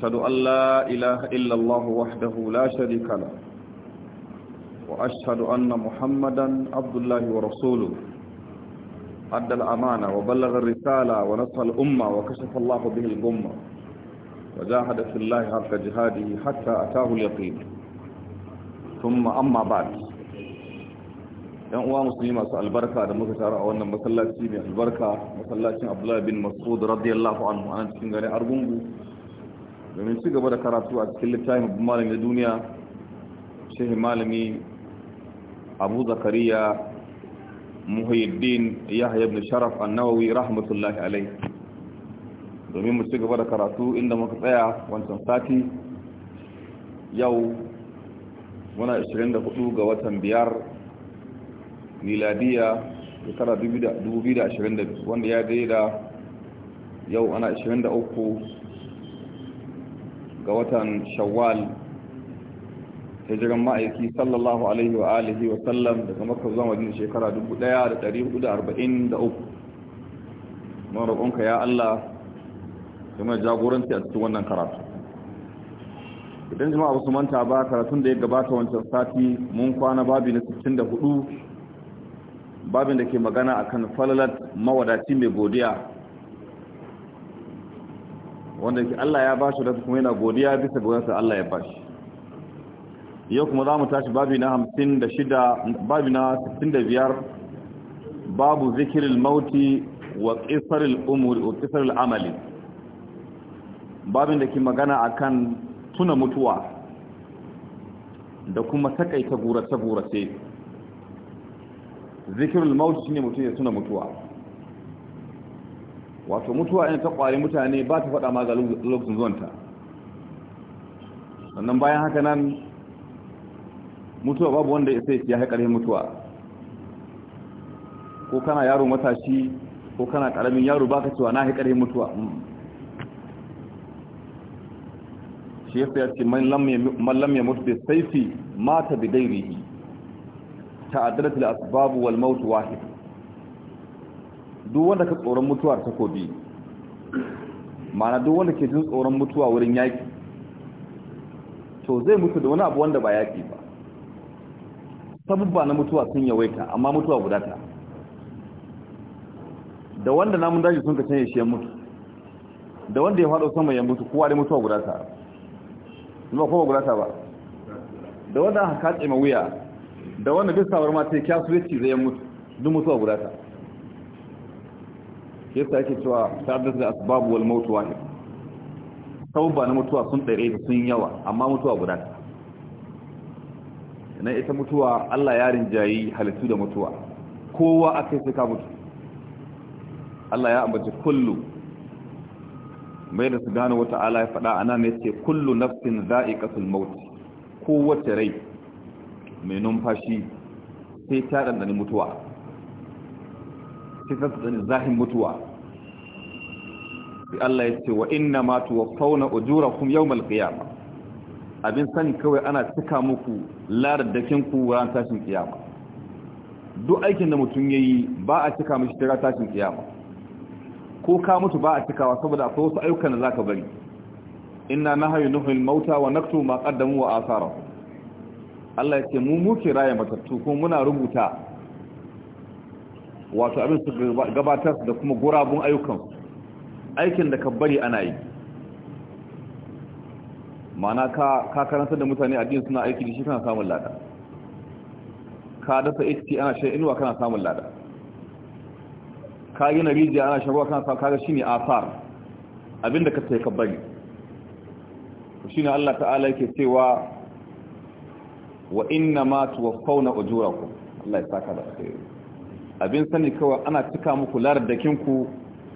أشهد أن لا إله إلا الله وحده لا شريك له وأشهد أن محمدا عبد الله ورسوله أدى الأمانة وبلغ الرسالة ونصر الأمة وكشف الله به الغمة وجاهد في الله حق جهاده حتى أتاه اليقين ثم أما بعد yan uwa musulmi masu albarka da muka tara a wannan masallaci mai albarka masallacin abdullahi bin masud radiyallahu anhu an cikin garin argungu domin ci gaba da karatu a cikin littafin babban malami na duniya shehi malami abu zakariya muhyiddin yahya ibn sharaf an-nawawi rahmatullahi alai domin mu ci gaba da karatu inda muka tsaya wancan sati yau muna 24 ga watan biyar miladiya shekara 2022 wanda ya gaida yau ana 23 ga watan shawwal hijiran ma'aiki sallallahu alaihi wa alihi wa sallam daga makka zuwa madina shekara 1443 mun roƙonka ya Allah ya mai jagoranci a cikin wannan karatu idan jama'a ba su manta ba karatun da ya gabata wancan sati mun kwana babi na 64 babin da ke magana akan falalat mawadaci mai godiya wanda ke Allah ya bashi da kuma yana godiya bisa goyarsa Allah ya bashi yau kuma za mu tashi babi na 56 babi na 65 babu zikirin mauti wa ƙisarar umuri wa ƙisarar amali babin da ke magana akan tuna mutuwa da kuma takaita gurace-gurace zikirin mauti shine mutum ya tuna mutuwa wato mutuwa in ta kwari mutane ba ta faɗa ma ga lokacin zuwanta sannan bayan haka nan mutuwa babu wanda ya sai ya mutuwa ko kana yaro matashi ko kana ƙaramin yaro ba ka cewa na haƙarhin mutuwa shi ya fiye ce mallam ya mutu da saifi mata bidai rihi ta adalatul asbab wal mautu wahid duk wanda ka tsoron mutuwar takobi ma'ana duk wanda ke jin tsoron mutuwa wurin yaƙi to zai mutu da wani abu wanda ba yaƙi ba sabubba na mutuwa sun yawaita amma mutuwa guda ta da wanda namun daji sun ka canye shi ya mutu da wanda ya faɗo sama ya mutu kowa da mutuwa guda ta ba kowa guda ta ba da wanda aka katse ma wuya da wanda bisawar mata ya kyasu ya ci zai mutu duk mutuwa guda ta shi yasa yake cewa sadar da asbab wal maut wahid tauba na mutuwa sun dare sun yawa amma mutuwa guda ta na ita mutuwa Allah ya rinjayi halittu da mutuwa kowa akai ka mutu Allah ya ambaci kullu mai da su gano wata ala ya faɗa a nan ce kullu nafsin za'iqatul maut kowace rai mai numfashi sai ta dandani mutuwa sai da zahin mutuwa bi Allah ya ce wa inna ma tuwaffawna ujurakum yawmal qiyama abin sani kawai ana cika muku lardakin ku ran tashin kiyama duk aikin da mutum yayi ba a cika mishi tira tashin kiyama ko ka mutu ba a cikawa saboda akwai wasu ayyukan da zaka bari inna nahayu nuhil mauta wa naktu ma qaddamu wa asara Allah ya ce mu muke raye matattu ko muna rubuta wato abin su gabatar da kuma gurabun ayyukan aikin da ka bari ana yi mana ka karanta da mutane addini suna aiki da shi kana samun lada ka dasa ht ana shan inuwa kana samun lada ka gina rijiya ana shan ruwa kana samun kaga shi ne asar abinda ka sai ka bari shi ne Allah ta'ala yake cewa wa inna ma tuwaffawna ujurakum Allah ya saka da yi. abin sani kawai ana cika muku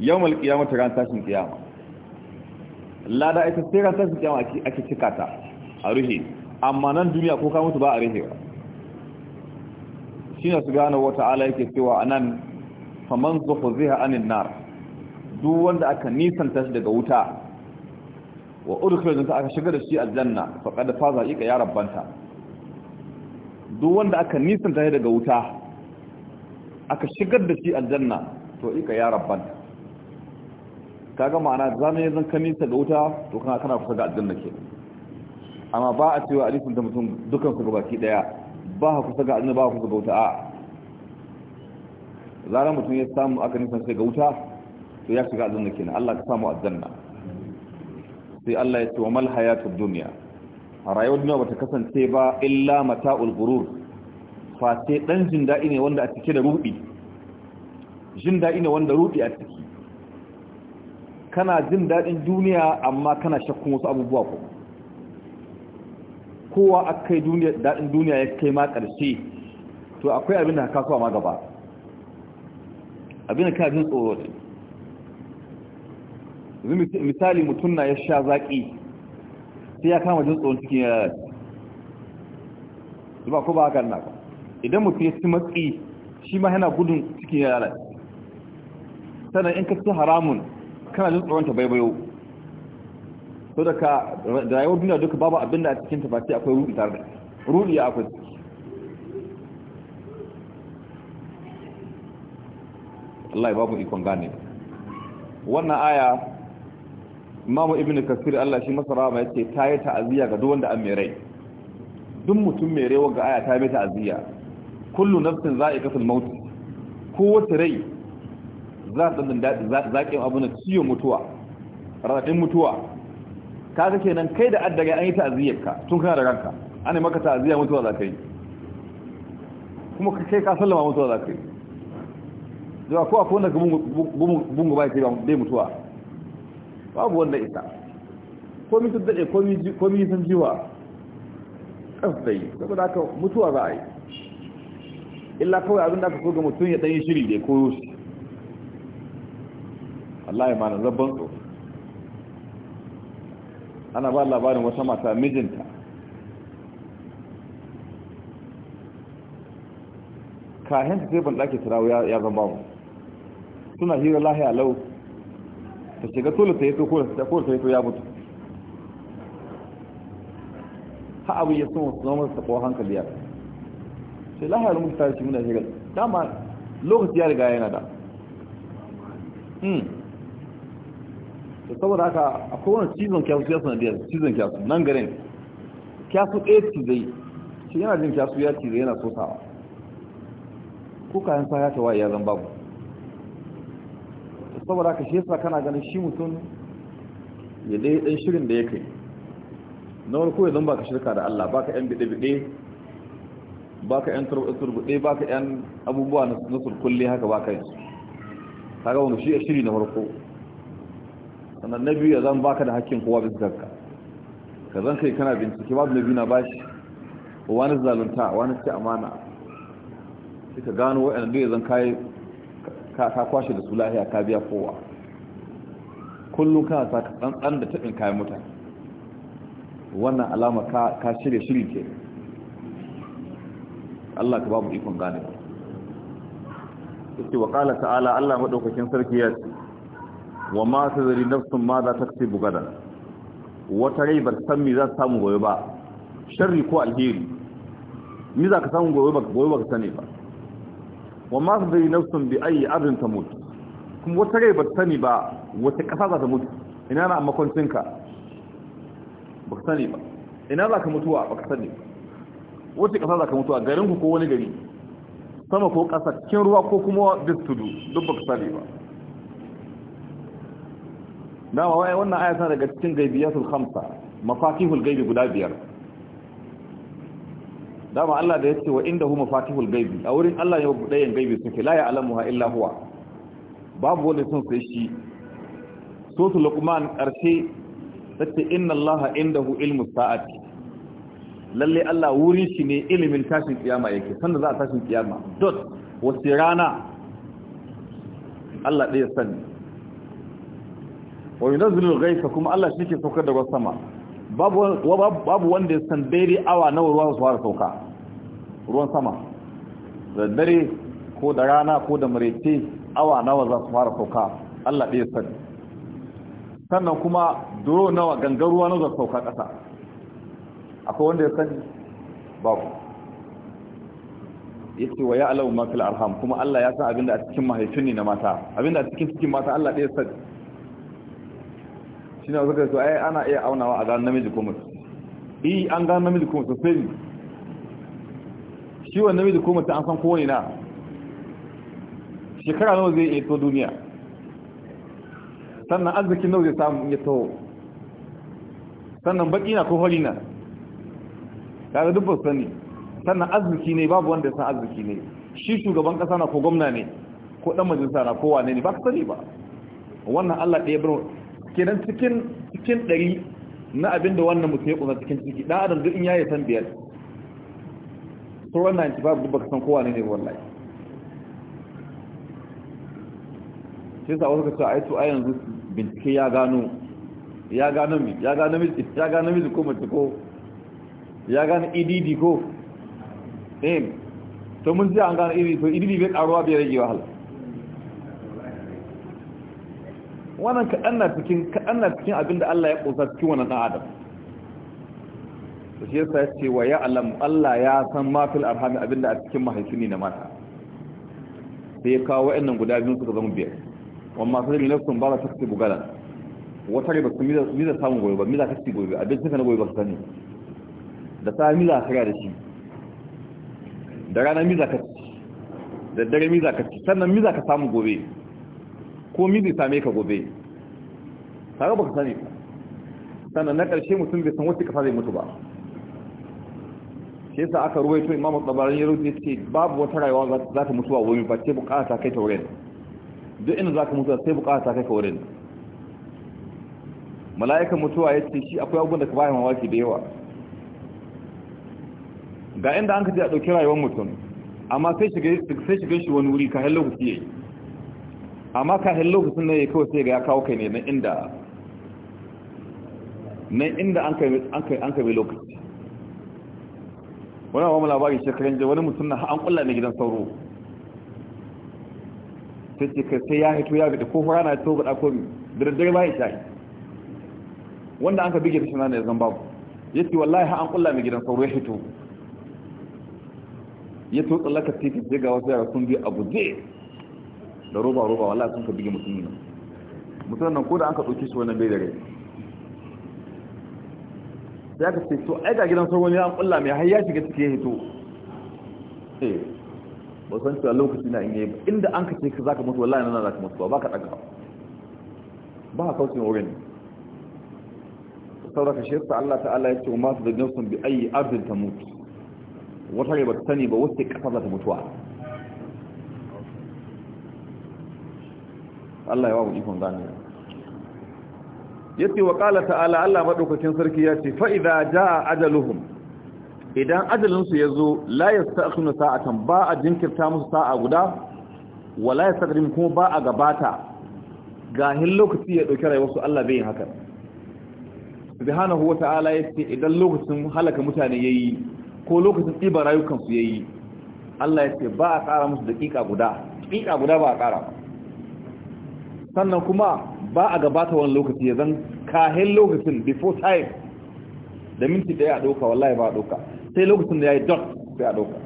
yau ku ya mutu ran tashin kiyama lada ita sai ran tashin kiyama ake cika ta a ruhi amma nan duniya ko ka mutu ba a ba. Shi su shine wata ala yake cewa anan faman zuhziha anin nar duk wanda aka nisanta shi daga wuta wa udkhila da aka shiga da shi aljanna kada faza ka ya rabbanta duk wanda aka nisanta shi daga wuta aka shigar da shi aljanna to ika ya rabban kaga ma'ana zama ya zan kanisa ga wuta to kana kana kusa ga aljanna ke amma ba a cewa alifin da mutum dukan su gabaki daya ba ka kusa ga aljanna ba ka kusa ga wuta a zara mutum ya samu aka nisan sai ga wuta to ya shiga aljanna kenan Allah ka samu aljanna sai Allah ya ce wa mal hayatud dunya rayuwar duniya bata kasance ba illa mata'ul ghurur face dan jin daɗi ne wanda a cike da ruɗi jin daɗi ne wanda ruɗi a ciki kana jin daɗin duniya amma kana shakkun wasu abubuwa ko kowa a kai daɗin duniya ya kai ma ƙarshe to akwai abin da ka kasuwa ma gaba abin da ka jin tsoro misali mutum na ya sha zaƙi sai ya kama jin tsoron cikin yara ba ko ba hakan na ba idan mutum ya ci matsi shi ma yana gudun cikin yara sannan in ka ci haramun kana jin tsoron ta baibayo so da ka rayuwar duniya duka babu abin da a cikin ta sai akwai ruɗi tare da ruɗi ya akwai Allah ya babu ikon gane wannan aya Imam Ibn Kasir Allah shi masara mai ce ta yi ta'aziyya ga duk wanda an mai rai duk mutum mai rai ga aya ta yi ta'aziyya kullu nafsin za'iqatul maut kowace rai za ta dan zaƙin abu na ciyo mutuwa radadin mutuwa kaga kenan kai da addaga an yi ta'aziyar ka tun kana da ranka ana maka ta'aziyar mutuwa za ka yi kuma kai ka sallama mutuwa za ka yi da ko akwai wanda gumu gumu ba ya kai dai mutuwa babu wanda ita komi sun daɗe komi san jiwa kafai saboda haka mutuwa za a yi illa kawai abin da aka so ga mutum ya ɗanyi shiri da ya koyo shi Allah ya mana zabban tso ana ba labarin wata mata mijinta kayan ta sai ban ɗake turawa ya zamba mu suna hira lahiya lau ta shiga tola ta yi to da ta yi to ya mutu ha abu ya sun wasu zama su taɓo hankali yara sai lahar mutane ta muna shigar dama lokaci ya riga yana da hmm. saboda haka a kowane cizon kyasu ya sanar cizon kyasu nan garin kyasu ɗaya cizai shi yana jin kyasu ya cizai yana sosawa ko kayan sa ya tawa ya zan babu saboda haka shi yasa kana ganin shi mutum ya dai ɗan shirin da ya kai na wani ko ya zan baka shirka da Allah baka yan biɗe-biɗe. baka yan turbuɗe baka yan abubuwa na surkulle haka baka yi Ta kaga wani shi shiri na farko sannan na biyu ya zan baka da hakkin kowa bisa kanka ka zan kai kana bincike babu na biyu na bashi wani zalunta wani ce amana sai ka gano wa'yan duk ya zan kayi ka kwashe da su lahiya ka biya kowa kullum kana sa ka tsantsan da taɓin kayan mutane wannan alama ka shirya shiri ke Allah ka ba mu ikon gane yake wa qala ta'ala Allah madaukakin sarki ya ce wa ma tadri nafsun ma za ta kace bugada wata rai ba san me za ta samu goyo ba sharri ko alheri me za ka samu goyo ba gobe ba ka sani ba wa ma tadri nafsun bi ayi ardin tamut kuma wata rai ba ta sani ba wata kasa za ta mutu ina na amma kwancinka ba ka sani ba ina za ka mutuwa ba ka sani ba wace ƙasa za ka mutu a garinku ko wani gari sama ko ƙasa cikin ruwa ko kuma duk tudu duk baka sani ba dama waye wannan aya daga cikin gaibiyatul khamsa mafatihul gaibi guda biyar dama Allah da yake wa indahu mafatihul gaibi a wurin Allah ne ya buɗayen gaibi suke la ya'lamuha illa huwa babu wani sun sai shi sotu luqman karshe tace inna allaha indahu ilmus sa'ati lalle Allah wurin shi ne ilimin tashin kiyama yake sanda za a tashin kiyama dot wasu rana Allah ɗaya sani wa yunazzilu al-ghaytha kuma Allah shi ke saukar da ruwan sama babu wanda ya san daidai awa nawa ruwa su fara sauka ruwan sama da dare ko da rana ko da marece awa nawa za su fara sauka Allah ɗaya sani sannan kuma duro nawa ruwa nawa za su sauka ƙasa akwai wanda ya sani babu yake wa ya alamu mafi al'arham kuma Allah ya san abinda a cikin mahaifin ne na mata abinda a cikin cikin mata Allah ɗaya sani shi ne wasu kai so ai ana iya aunawa a gano namiji ko mace eh an gano namiji ko mace sai shi wa namiji ko mace an san kowane na shekara nawa zai iya to duniya sannan arzikin nawa zai samu ya taho sannan baki na ko hori na kaga duk ba sani sannan arziki ne babu wanda ya san arziki ne shi shugaban kasa na ko gwamna ne ko dan majalisa na ko wane ne ba ka sani ba wannan Allah ɗaya bar kenan cikin cikin ɗari na abinda wannan mutum ya kusa cikin ciki dan adam duk in yayi san biyar to wannan ci babu baka san ko ne ne wallahi sai sa wasu ka ce yi to yanzu bincike ya gano ya gano mi ya gano mi ya gano mi ko mace ko ya gane idd e ko ɗin eh. to mun ji an gane idd e to idd e bai ƙaruwa bai rage wahala wannan kaɗan na cikin kaɗan na cikin abin da Allah ya ƙosa cikin wannan ɗan adam shi yasa ya ce wa ya alam Allah ya san mafil arhami abin da a cikin mahaifi ne na mata sai ya kawo wa'annan guda biyu suka zama biyar wamma sai mi nafsun ba za ta ci bugalan wata ba su mi za samun gobe ba mi za ta ci gobe abin suka na gobe ba su sani da sa miza ka da shi da rana miza ka ci da dare miza ka ci sannan miza ka samu gobe ko mizi same ka gobe tare ba ka sani sannan na ƙarshe mutum bai san wasu ƙasa zai mutu ba shi yasa aka ruwaito imamu tsabarin yaro ne ce babu wata rayuwa za ta mutuwa wani ba ce bukata kai ta wurin duk inda za ka mutuwa sai bukata kai ta wurin mala'ikan mutuwa ya ce shi akwai abubuwan da ka bayan mawaki da yawa ga inda an ka ce a ɗauki rayuwar mutum amma sai shiga shi wani wuri kahin lokaci ya yi amma kahin lokacin na ya kawai sai ga ya kawo kai ne na inda nan inda an kai lokaci wani wa labari shekarun jiya wani mutum na an kulla ne gidan sauro sai ce kai sai ya hito ya gada ko fara na to gada ko da dare ba ya shayi wanda an ka bige da shi na ne zan babu ya ce wallahi an kulla ne gidan sauro ya hito ya to tsallaka titi sai ga wasu yara sun bi abu je da roba roba wallahi sun ka bige mutum ne mutum nan ko da an ka dauke shi wannan bai da rai sai aka ce to ai ga gidan sauran ya kulla mai har ya shiga ciki ya hito eh ba san cewa lokaci na in yi ba inda an ka ce ka zaka mutu wallahi nan zaka mutu ba ka daga ba ka kauce wurin saboda ka shi Allah ta'ala ya ce ma su da nafsun bi ayi ta mutu. wata ne ba ta sani ba wasu kasar za ta mutuwa Allah ya wa mu ikon zanewa yace wa qala ta'ala Allah madaukakin sarki yace fa idza jaa ajaluhum idan ajalin su yazo la yasta'khiruna sa'atan ba a jinkirta musu sa'a guda wala yastaqdim kuma ba a gabata gahin lokaci ya dauki rayuwar su Allah bai yin haka subhanahu wa ta'ala yace idan lokacin halaka mutane yayi ko lokacin tsiba rayukansu ya yi Allah ya ce ba a ƙara musu daƙiƙa guda daƙiƙa guda ba a ƙara sannan kuma ba a gabata wani lokaci ya zan kahin lokacin before time da minti ɗaya a ɗauka wallahi ba a ɗauka sai lokacin da ya yi dot sai a ɗauka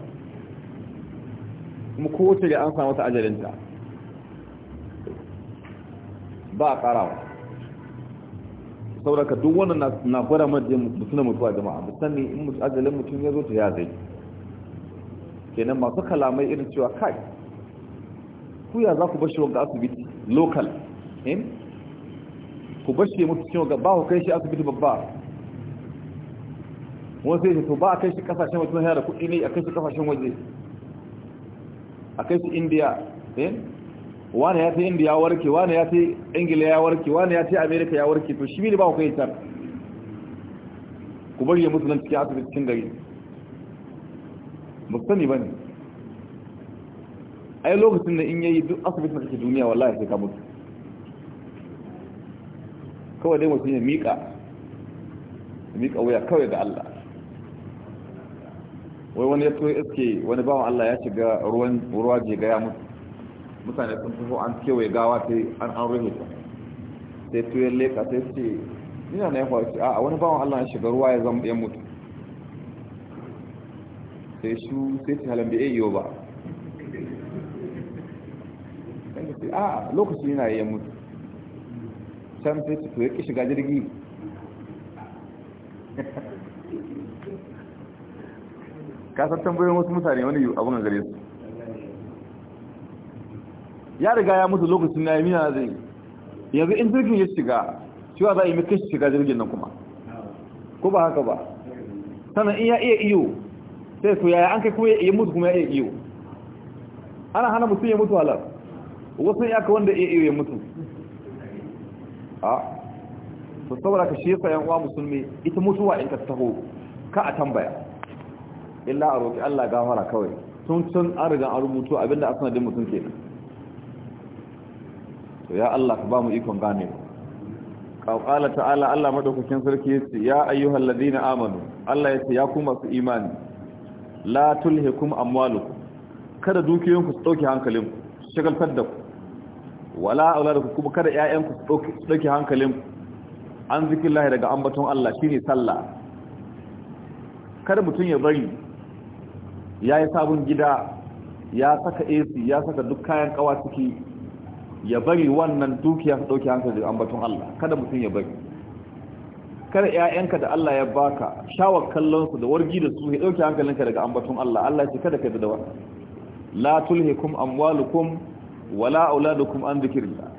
kuma kowace da an samu ta ajalinta ba a ƙarawa saboda duk wannan na gwada mace mutum mutuwa jama'a musamman in mutu ajalin mutum ya zo ta ya zai kenan masu kalamai irin cewa kai ku ya za ku bashi wanga asibiti local in ku bashi mutu cewa ga ba ku kai shi asibiti babba wani sai to ba a kai shi kasashen wajen haya da kuɗi ne a kai shi kasashen waje a kai shi indiya in wani ya ce indiya warke wani ya ce ingila ya warke wani ya ce amerika ya warke to shi ne ba ku kai tar? ku bari ya musu nan cikin cikin gari ba sani ba ne yi lokacin da in yayi duk asibitin na cikin duniya wallahi sai ka mutu kawai dai mutum ya miƙa miƙa wuya kawai ga Allah wai wani ya tsoye iske wani bawan Allah ya shiga ruwan ruwa je ga ya mutu mutane sun taho an kewaye gawa sai an an rufe ta sai tuyar leka sai ce ina na ya faru ce a wani bawan allah shiga ruwa ya zama ya mutu sai shi sai eh, ce halin da ya yi ba a lokaci yana yi ya mutu can sai ce to ya ƙi shiga jirgi ka san tambayoyin wasu mutane wani abu na gare su ya riga ya mutu lokacin na yamina zai yanzu in jirgin ya shiga cewa za a yi mai kashi shiga jirgin nan kuma ko ba haka ba sannan in ya iya iyo sai su yaya an kai kuma ya mutu kuma ya iya iyo ana hana mutum ya mutu halar wasu ya ka wanda iya iyo ya mutu a su saboda ka shi yasa yan uwa musulmi ita mutuwa in ka taho ka a tambaya illa a roƙi Allah gafara kawai tun tun an riga an rubutu abinda a sanadin mutum kenan to ya Allah ka ba ikon gane qala ta'ala Allah madaukakin sarki yace ya ayyuhal ladina amanu Allah yace ya ku masu imani la tulhikum amwalukum kada dukiyanku su dauke ku. shagaltar da ku wala auladukum kuma kada ƴaƴanku su dauke ku. an zikirlahi daga ambaton Allah shine sallah kada mutun ya bari yayi sabon gida ya saka AC ya saka duk kayan kawa ciki ya bari wannan dukiya su dauke hankali da ambaton Allah kada mutum ya bari kada ƴaƴanka da Allah ya baka shawar kallon su da wargi da su ya dauke hankalinka daga ambaton Allah Allah ya ce kada ka da wannan la tulhikum amwalukum wala auladukum an dhikrillah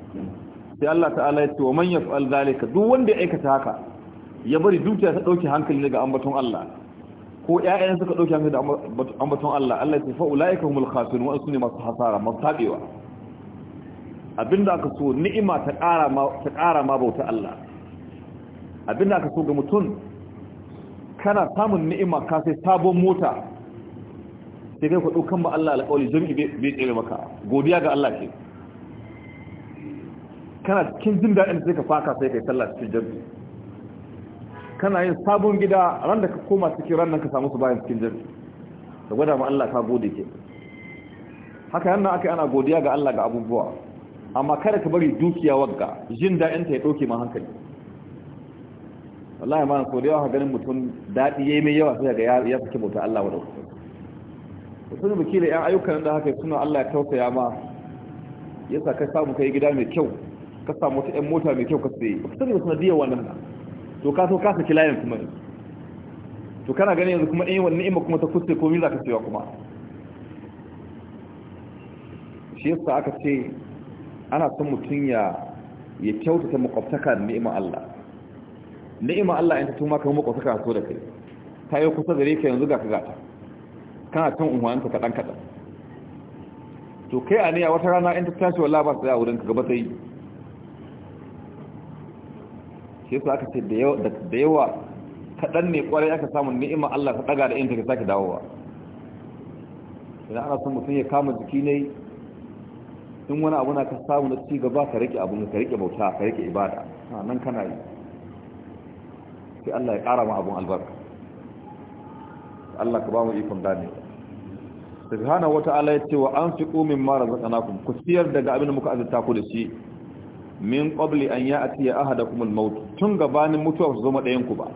sai Allah ta'ala ya ce wa man yaf'al zalika duk wanda ya aikata haka ya bari dukiya ta dauke hankali daga ambaton Allah ko ƴaƴan ka dauke hankali da ambaton Allah Allah ya ce fa ulaika humul khasirun wa sunni masu hasara masu tabewa abinda aka so ni'ima ta ƙara ma bauta Allah abinda aka so ga mutum kana samun ni'ima ka sai sabon mota sai kai kwaɗo kan ba Allah alƙawali jami'i bai tsere maka godiya ga Allah ke kana cikin jin daɗin sai ka faka sai kai sallah cikin jami'i kana yin sabon gida ran da ka koma cikin ran nan ka samu su bayan cikin jami'i da gwada ma Allah ka gode ke haka yana aka yi ana godiya ga Allah ga abubuwa amma kada ka bari dukiya wagga jin da'in ta ya ɗauke ma hankali wallahi ma ko da ganin mutum daɗi yayi mai yawa sai ga ya fike bauta Allah wa dauka sun biki da ƴan ayyukan da haka suna Allah ya tausaya ma yasa ka samu kai gida mai kyau ka samu wata ƴan mota mai kyau ka sai ba sani ba wannan to ka so ka saki layin kuma to kana ganin yanzu kuma in eh, wannan ni'ima kuma ta kusa komai za ka siya kuma shi yasa aka ce ana son mutum ya ya kyautata makwabtaka da ni'imar Allah ni'imar Allah in ta tuma kan makwabtaka so da kai ta yi kusa gare ka yanzu ga ka gata kana kan unhuwanta kaɗan kaɗan to kai a ne a wata rana in ta tashi wallah ba su a wurin ka gaba ta yi shi yasa aka ce da yawa kaɗan ne kwarai aka samun ni'imar Allah ka ɗaga da in ta sake dawowa idan ana son mutum ya kama jiki ne in wani abu na ka samu na ci gaba ka rike abun ka rike bauta ka rike ibada nan kana yi sai Allah ya ƙara ma abun albarka Allah ka ba mu ikon gane subhanahu wata'ala ya ce wa anfiqu mimma razaqnakum ku siyar daga abin da muka azurta ku da shi min qabli an ya'ti ahadakum al-maut tun gabanin mutuwa ku zama ɗayan ku ba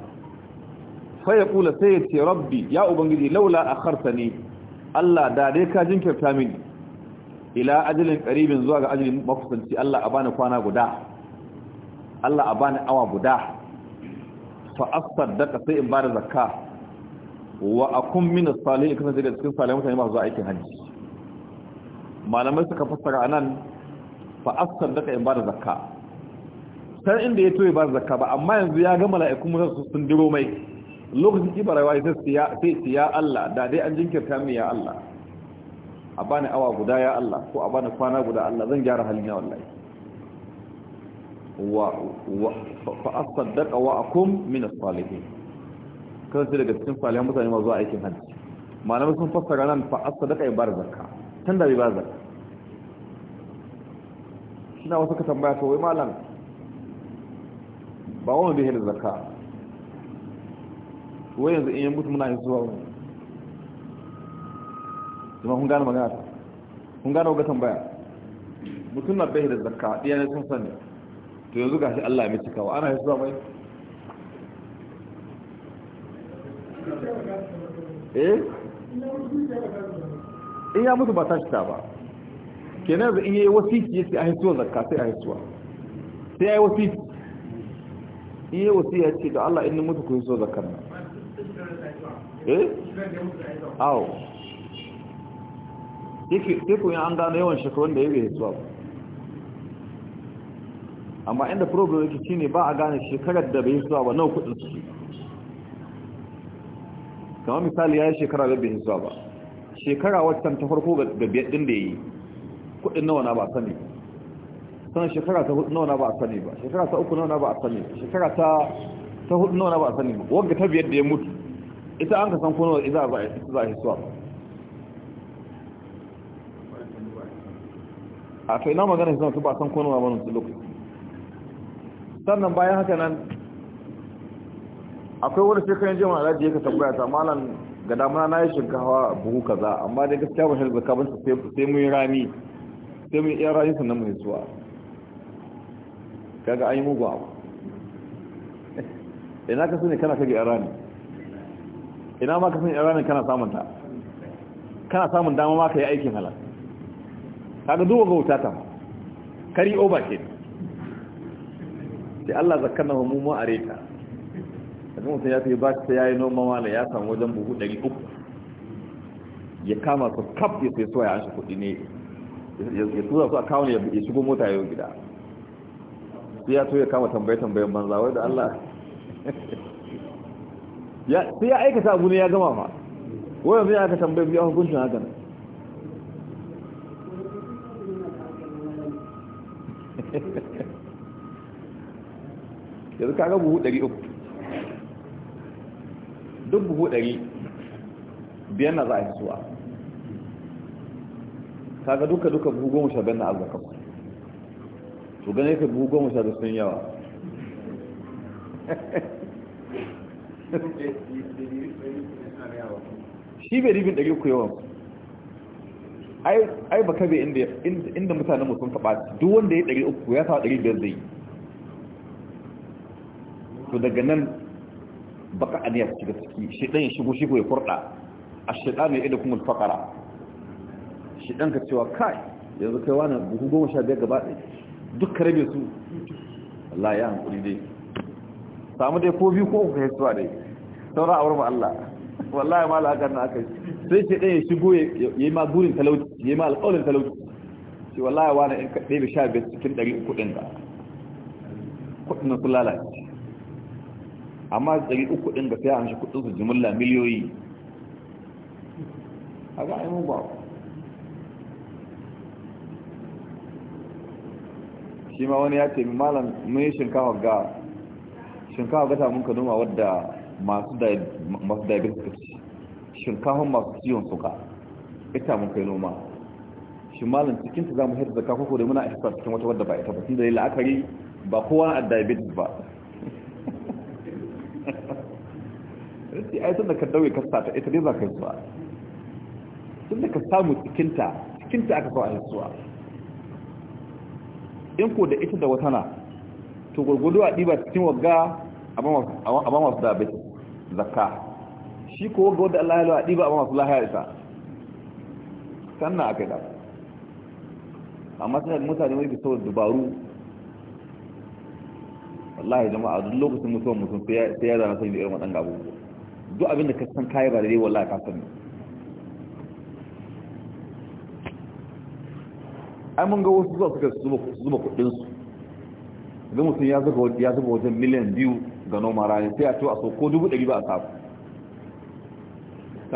fa yaqula sai ya ce rabbi ya ubangiji laula akhartani Allah da dai ka jinkirta mini ila ajalin qaribin zuwa ga ajalin makusanci Allah a bani kwana guda Allah a bani awa guda fa asaddaqa sai in bada zakka wa akun min salihin kuma daga cikin salihin mutane masu aikin hajji malamai suka fassara anan fa asaddaqa in bada zakka sai inda ya toye bada zakka ba amma yanzu ya ga mala'ikun mutum sun diro mai lokacin ibarawa sai ya sai ya Allah da dai an jinkirta mu ya Allah a bani awa guda ya Allah ko a bani kwana guda Allah zan gyara halin ya lai wa fa asaddaqa wa akum min as-salihin kan su daga cikin salihan mutane ma zuwa aikin hajji malamai sun fassara nan fa asaddaqa ibar zarka tun da bai ba zakka na wasu ka tambaya ta, wai malam ba wani bihin zakka wai yanzu in yi mutu muna yin zuwa wani zama kun gane magana ta, kun gane ga tambaya mutum na bai da zakka iya ne sun sani to yanzu shi Allah ya mace kawo ana yi zuwa mai eh in ya mutu ba ta shi ta ba kenan nan in yi wasiki sai a hisuwa zakka sai a hisuwa sai ya yi wasiki in yi ya ce da Allah in mutu ku so zarka nan eh awo sai ku an gano yawan shekarun da ya bai zuwa amma inda problem yake shine ba a gane shekarar da bai zuwa ba nawa kudin su kamar misali ya yi shekara da bai zuwa ba shekara watan ta farko ga biyaddin da ya yi kudin nawa na ba sani sannan shekara ta hudu nawa na ba a sani ba shekara ta uku nawa na ba a sani ba shekara ta ta hudu nawa na ba a sani ba wadda ta biyar da ya mutu ita an ka san ko nawa za a yi suwa ba a to ina magana zama su ba san konowa wani su lokaci sannan bayan haka nan akwai wani shekarun jama'a alhaji ya ka tabbaya ta malam ga damuna na yi shinkawa buhu kaza amma dai gaskiya ba shi zaka ban sai mun rami sai mun iya rami sannan mun zuwa kaga an yi mugu abu ina ka sani kana kage rami ina ma ka sani rami kana samun ta kana samun dama ma ka yi aikin halar kaga duk ga wuta ta kari over ke sai Allah zakkana mu mu ta. kaga mutum ya fi ba ta yayi noma wala ya samu wajen buhu 300 ya kama su kaf ya sai soya an shi kudi ne ya tura su account ya shigo mota yau gida sai ya so ya kama tambaye tambayen banza wai da Allah ya sai ya aikata abu ne ya gama fa wai yanzu ya aka tambaye biya hukuncin haka ne yanzu kaga buhu 300 duk buhu 100 biyan na za a yi suwa kaga duka duka buhu goma sha biyan na arzaka ba to gane ka buhu goma sha da sun yawa shi bai ribin 300 yawan ai ba kabe inda mutanen mutum sun duk wanda ya ɗari uku ya sa ɗari biyar zai to daga nan baka aniyar shiga ciki shi ɗan ya shigo shigo ya furɗa a shiɗa mai ida kuma faƙara shi ɗan ka cewa kai yanzu kai wani buku goma sha biyar gaba ɗaya duk ka rabe su Allah ya hankuri dai samu dai ko biyu ko uku yi suwa dai saura a wurin Allah wallahi ma la'akar na aka yi sai shi ɗaya shigo ya yi ma gurin talauci ya yi ma alƙawarin talauci shi wallahi wani in kaɗai da sha biyar cikin ɗari kuɗin da kuɗin na sun lalace amma ɗari uku ɗin da sai an shi kuɗin su jimilla miliyoyi a ga ainihin ba shi ma wani ya ce malam mai shinkawa ga shinkawa gata mun ka noma wadda masu diabetes suka masu ciwon suka ita mun kai noma shi malin cikin ta zamu hidda zakka ko da muna isa cikin wata wadda ba ita ba tun da la'akari ba kowa na diabetes ba sai ai tun da ka daure kasta ta ita dai za ka yi suwa tun da ka samu cikin ta cikin ta aka kawo a yi suwa in ko da ita da watana to gurgudu a ɗiba cikin wagga a ba masu diabetes zakka shi ko ga wanda Allah ya lura ɗiba amma masu lahaya isa sannan aka yi da amma suna da mutane wani bisawar dubaru wallahi jama'a duk lokacin mutuwan mutum sai ya zana sai da irin waɗanda abubuwa duk abin da ka san kayi ba da dai wallahi ka sani ai mun ga wasu zuwa suka zuba kuɗinsu idan mutum ya zuba wajen miliyan biyu ga noma rani sai a to a so ko dubu ɗari ba a samu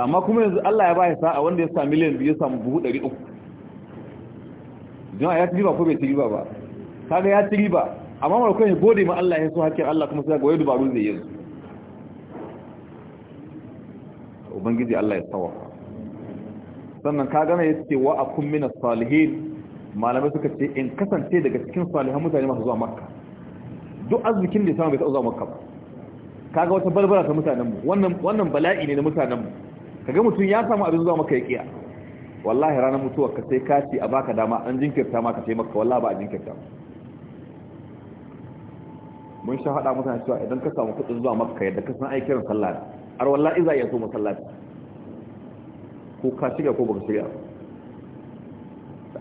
amma kuma yanzu Allah ya baya sa'a wanda ya sami miliyan biyu ya samu buhu ɗari uku jama'a ya ci riba ko bai ci riba ba kaga ya ci riba amma mara kawai gode ma Allah ya so hakkin Allah kuma sai ga wani dubaru zai yanzu ubangiji Allah ya tsawa sannan ka gane ya ce wa akun minas salihin malamai suka ce in kasance daga cikin salihan mutane masu zuwa makka duk arzikin da ya samu bai taɓa zuwa makka ba kaga wata barbara ta mutanenmu wannan bala'i ne na mutanenmu kaga mutum ya samu abin zuwa maka ya kiya wallahi ranar mutuwar ka sai kaci a baka dama an jinkirta maka sai maka wallahi ba a jinkirta mun sha hada mutane cewa idan ka samu kudin zuwa maka yadda ka san aikin sallah ar wallahi za iya so masallaci ko ka shiga ko baka shiga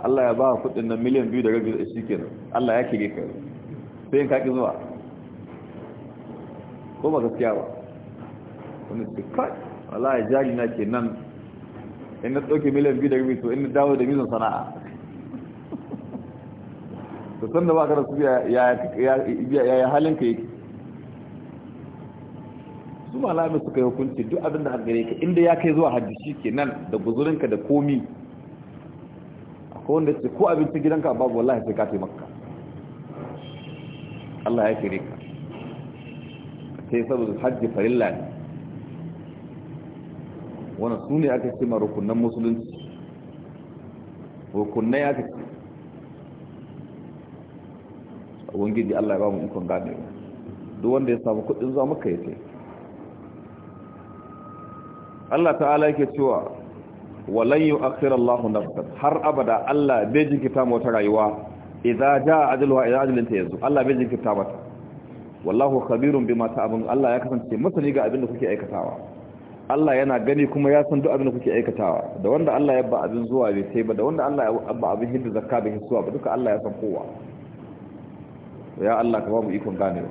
Allah ya ba kudin nan miliyan biyu da rabi da shi kenan Allah ya kige ka sai in kaki zuwa ko ba gaskiya ba wani su kai jari na ke nan in na tsoke miliyan biyu da rubi to in na dawo da mizan sana'a ta sanda ba ka da su ya halin ka yake su ma lamis suka yi hukunci duk abin da gare ka inda ya kai zuwa hajji shi ke nan da guzurinka da komi a kowanda ce ko abinci gidanka babu wallahi sai ka taimaka Allah ya ka sai saboda hajji farilla ne wani su ne aka cima rukunan musulunci rukunai aka ce ubangiji Allah ya ba mu ikon gane duk wanda ya samu kudin zuwa maka ya ce Allah ta'ala yake cewa walan yu'akhir Allah nafsan har abada Allah bai jinkita mu wata rayuwa idza jaa ajaluha idza ajalin yanzu. yazo Allah bai jinkirta mata wallahu khabirun bima ta'malun Allah ya kasance masani ga abin da kuke aikatawa Allah yana gani kuma ya san duk abin da kuke aikatawa da wanda Allah ya ba abin zuwa bai sai ba da wanda Allah ya ba abin hidda zakka bai hisuwa ba duka Allah ya san kowa ya Allah ka ba mu ikon gane.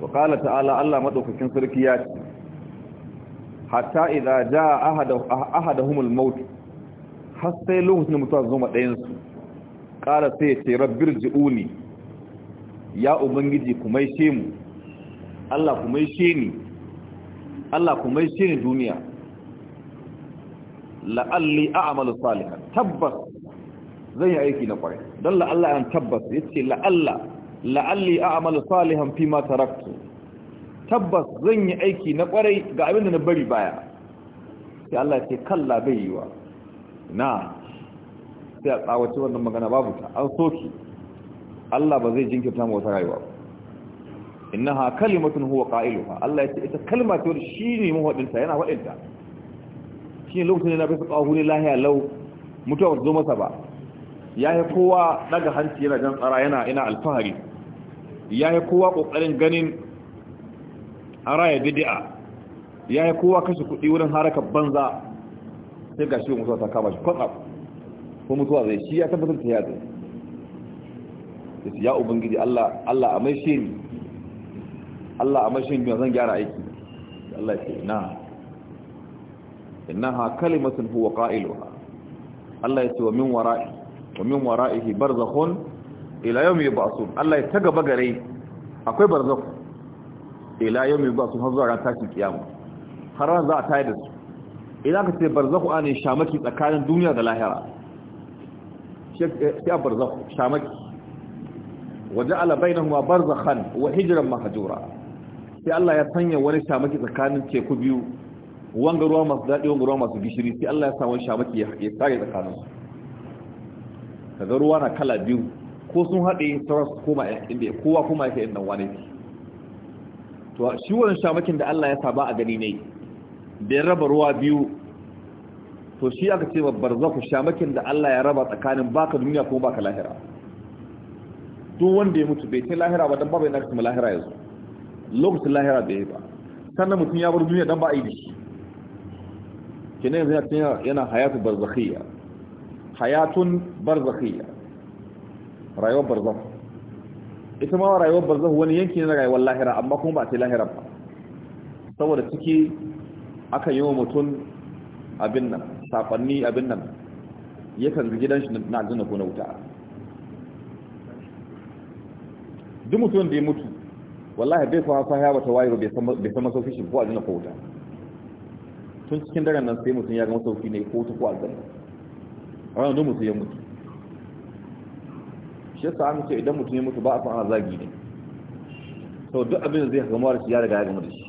wa qala ta'ala Allah madaukakin sarki ya ce hatta idza jaa ahadahum al-maut har sai lokacin mutuwa zo ma ɗayansu ƙara sai ya ce rabbir ji'uni ya ubangiji ku maishe mu Allah ku maishe ni Allah ku maishe ni duniya la'alli a'malu salihan tabbas zan yi aiki na kwarai don la'alla an tabbas ya ce la'alla la'alli a'malu salihan fi ma taraktu tabbas zan yi aiki na kwarai ga abin da na bari baya sai Allah ya ce kalla bai yi wa. na'am sai a tsawace wannan magana babu ta an soki Allah ba zai jinkirta mu wata rayuwa innaha kalimatun huwa qailuha Allah yace ita kalma ta wanda shine mu ta yana wadin ta ne lokacin da bai tsaka hure lahiya lau mutuwa zo masa ba yayi kowa daga hanci yana jan tsara yana ina alfahari yayi kowa kokarin ganin araya bid'a yayi kowa kashe kudi wurin harakar banza sai gashi mutuwa ta kama shi kwatsa ko mutuwa zai shi ya tabbatar ta ya zai ya ubangiji Allah a mai shi ni Allah a mai shi ni zan gyara aiki Allah ce ina innaha kalimatun huwa qailuha Allah ya ce wa min wara'i wa min wara'ihi barzakhun ila yawmi yub'asun Allah ya taga bagare akwai barzakh ila yawmi yub'asun har zuwa ran tashin kiyama har ran za a tayar da su idan ka ce barzakhu ne shamaki tsakanin duniya da lahira sai barzakh shamaki waja'ala bainahuma barzakhan wa hijran mahjura sai Allah ya sanya wani shamaki tsakanin teku biyu wanga ruwa masu daɗi wanga ruwa masu gishiri sai Allah ya sa wani shamaki ya tsare tsakanin su kaga ruwa na kala biyu ko sun haɗe sauran su koma inda kowa kuma yake inda wani to shi wannan shamakin da Allah ya sa ba a gani ne da ya raba ruwa biyu to shi aka ce babbar zaku shamakin da Allah ya raba tsakanin baka duniya kuma baka lahira duk wanda ya mutu bai ce lahira ba dan ba bai na kuma lahira yanzu lokacin lahira bai ba sannan mutum ya bar duniya dan ba aidi shi kenan yanzu yana hayatu barzakhiyya hayatun barzakhiyya rayuwar barzakh ita ma rayuwar barzakh wani yanki ne na rayuwar lahira amma kuma ba ta lahira ba saboda ciki aka yi wa mutum abin nan saƙonni abin nan ya yakan gidan shi na zina ko na wuta duk mutum da ya mutu wallahi bai kwa kwa ya wata wayo bai san sauki shi ko a zina ko wuta tun cikin daren nan sai mutum ya ga sauki ne ko wuta ko zina ranar duk mutum ya mutu shi yasa an ce idan mutum ya mutu ba a san zagi ne sau duk abin da zai gamuwa da shi ya riga ya gamu da shi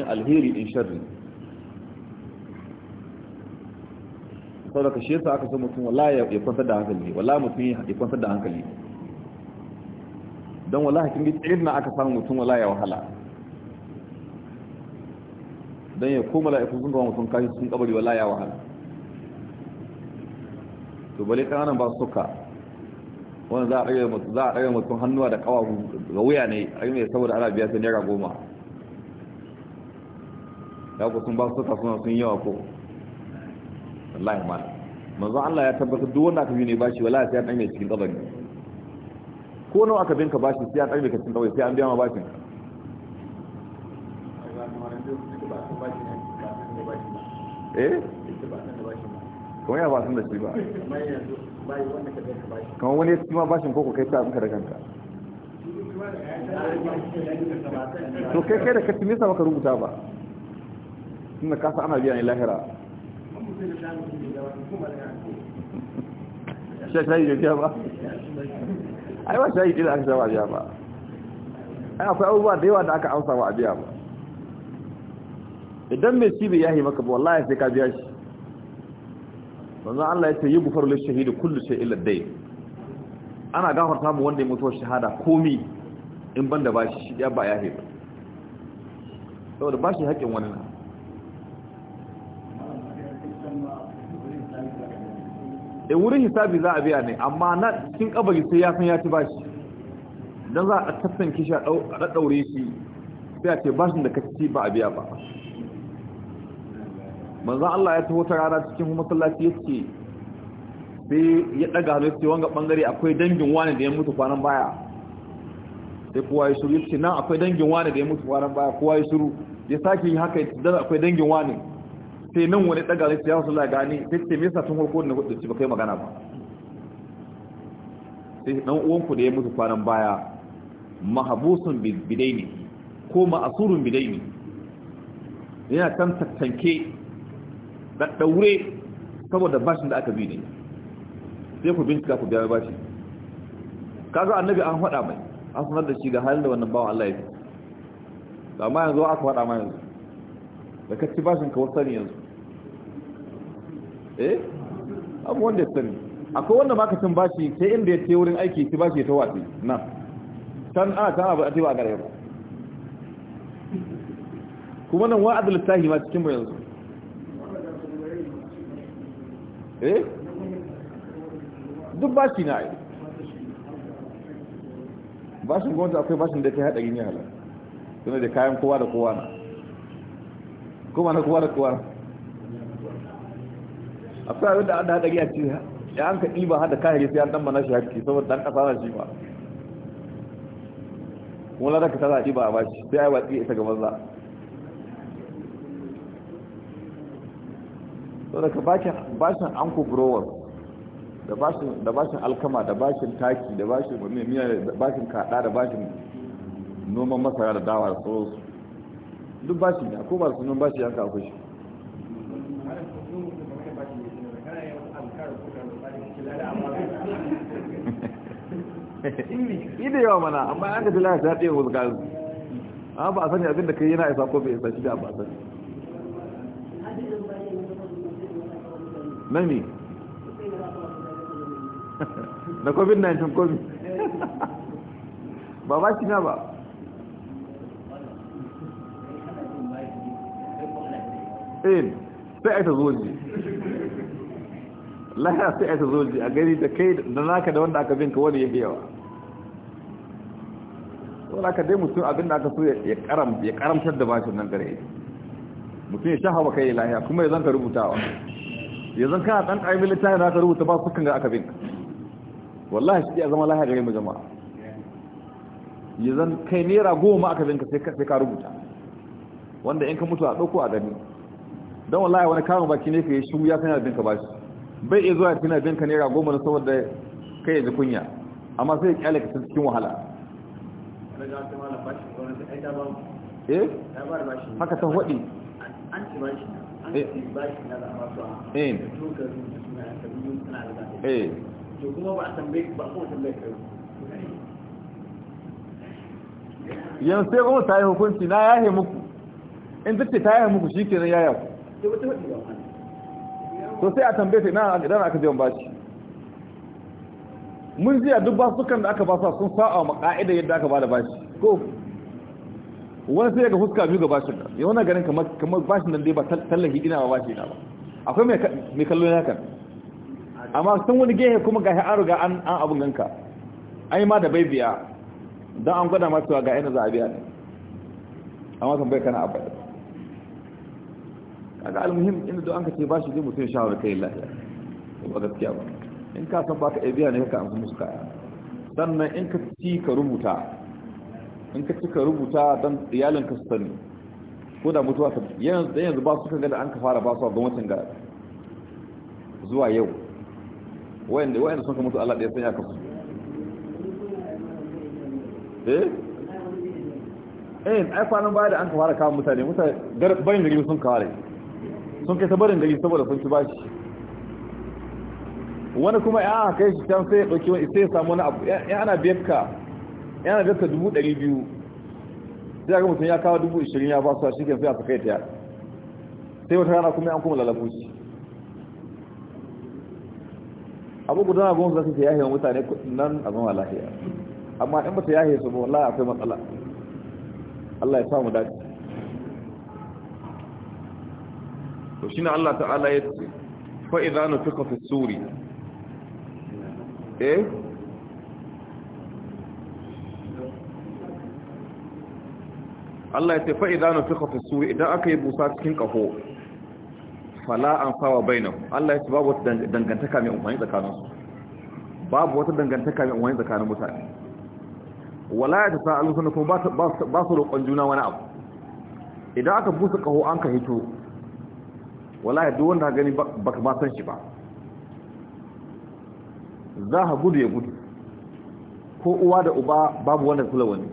in alheri in sharri sau daga shi yasa aka so mutum wallahi ya kwantar da hankali wallahi mutum ya kwantar da hankali don wallahi kin ga tsirin aka samu mutum wallahi ya wahala don ya koma la'iku sun gaba mutum kashi sun kabari wallahi ya wahala to bale kananan ba suka wanda za a ɗaga mutum za a ɗaga mutum hannuwa da kawahu ga wuya ne a yi mai saboda ana biya sai naira goma ya ku sun ba suka suna sun yawa ko wallahi ma manzo Allah ya tabbatar duk wanda aka yi ne bashi wala sai an dame cikin kabari ko nawa aka binka bashi sai an dame ka cikin kabari sai an biya ma bashin eh kuma ya basun da shi ba kamar wani ya ci ma bashin koko kai ta abinka da kanka to kai kai da ka tuni sa maka rubuta ba suna kasa ana biya ne lahira shayi da biya ba ai ba shayi aka ba ai akwai abubuwa da yawa da aka amsa wa a ba idan mai cibi ya yi maka ba wallahi sai ka biya shi manzon Allah ya ce yi gufar lil shahidi kullu shay illa dai ana gafarta mu wanda ya mutu shahada komi in banda ba shi ya ba ya heba saboda shi haƙin wani na da eh, wurin hisabi za a biya ne amma na cikin kabari sai ya san ya ci bashi dan za a tsanke shi a daddaure shi sai a ce bashin da kaci ba a biya ba manzo Allah ya taho ta rana cikin masallaci yace sai ya daga hannu sai wanga bangare akwai dangin wani da ya mutu kwanan baya sai kowa ya shiru ce nan akwai dangin wani da ya mutu kwanan baya kowa ya shiru ya sake yi haka yace akwai dangin wani sai nan wani daga zai ya rasulullah gani sai ce me yasa tun farko na hudu ba kai magana ba sai dan uwanku da ya mutu kwanan baya mahabusun ne ko ma'asurun ne yana kan tattanke da daure saboda bashin da aka bi ne sai ku bincika ku biya bashi kaga annabi an faɗa mai an sanar da shi ga halin da wannan bawan Allah ya ce amma yanzu aka faɗa ma yanzu da ka ci bashin ka wasu yanzu eh abu wanda ya sani akwai wanda baka cin bashi sai inda ya ce wurin aiki ci bashi ya ta watsi na can ana can abu a ba a gare ba kuma nan wa'ad lissahi ma cikin bayan su eh duk bashi na aiki bashin gwamnati akwai bashin da ta haɗa yin yahala suna da kayan kowa da kowa na kuma na kowa da kowa na akwai abin da an da haɗari a ce ya an ka ɗiba hada kahiri sai an ɗan mana shi haƙƙi saboda ɗan ƙasa na shi ba wani da ka tara ɗiba a bashi sai a yi watsi ita ga maza. So ka bashin anko browers da bashin alkama da bashin taki da bashin miya da bashin kaɗa da bashin noman masara da dawa da sauransu duk bashin ya a ko ba sunan bashi yanka akwai shi ida yawa mana amma an gaji lafiya ta tsaye wuzgazu amma ba a sani abin da kai yana isa ko bai isa shi da ba a sani nami na covid-19 covid ba ba shi na ba in eh, sai aita zoji lahiya sai aita zoji a gari da kai da naka da wanda aka binka wani ya yawa wala ka dai mutum abin da aka so ya karamtar da bashin nan gare mutum ya shahawa kai lahiya kuma ya zanka rubutawa ya zanka ɗan ƙarfi littafin da aka rubuta ba sukan ga aka bin wallahi shi ya zama lahiya gare mu jama'a ya zan kai nera goma aka bin ka sai ka rubuta wanda in ka mutu a ɗauko a gani don wallahi wani karin baki ne ka yi shi ya sanya bin ka bashi bai iya zuwa ya fina bin ka nera goma na saboda kai ya ji kunya amma sai ya kyale ka cikin wahala eh haka ta hwadi an ci bashi an eh. ci bashi na da suna biyu eh. suna da eh to kuma ba tambaye ba tambaye yanzu sai kuma ta yi hukunci na yahe muku in duk ta yahe muku shi kenan yaya ku to sai a tambaye ta ina idan aka je bashi mun jiya duk basukan da aka basa sun sa'a wa maka'ida yadda aka bada bashi ko wani sai ga fuska biyu ga bashin nan ya wani ganin kamar bashin nan dai ba tallafi ina ba bashi na ba akwai mai kallo ya kan amma sun wani gehe kuma ga ya aruga an abin ganka an yi ma da bai biya don an gwada masu ga yana za a biya ne amma kan bai kana abu kaga almuhim inda don an ka ce bashi zai mutum shawar kai lafiya ba gaskiya ba in ka san baka iya biya ne ka amsa musu kaya sannan in ka ci ka rubuta in ka ci ka rubuta don iyalin ka su sani ko da mutuwa ta yanzu yanzu ba su kan da an ka fara ba su a gwamnatin ga zuwa yau wayanda wayanda sun ka mutu Allah da ya sanya ka su eh eh ai kwanan baya da an ka fara kawo mutane mutane barin gari sun kare sun kai ta gari saboda sun ci bashi wani kuma ya a kai shi can sai ya ɗauki wani sai ya samu wani abu ya ana biyar ka yana biyar ka dubu ɗari biyu sai ga mutum ya kawo dubu ishirin ya ba su a shi sai a sakai ta sai wata rana kuma an kuma lalabu shi abu guda na gwamnati za su yahe wa mutane nan a zama lahiya amma in ba ta yahe su ba wallahi akwai matsala Allah ya samu dace to shi na Allah ta'ala ya ce fa na fi fi suri eh Allah ya ce fa idan nufiqa fi suri idan aka yi busa cikin kafo fala an fawa bainahum Allah ya ce babu wata dangantaka mai amfani tsakanin su babu wata dangantaka mai amfani tsakanin mutane wala ya ta alu sunan kuma ba su roƙon juna wani abu idan aka busa kaho an ka hito wala ya duk wanda gani ba ba san shi ba za a gudu ya gudu ko uwa da uba babu wanda kula wani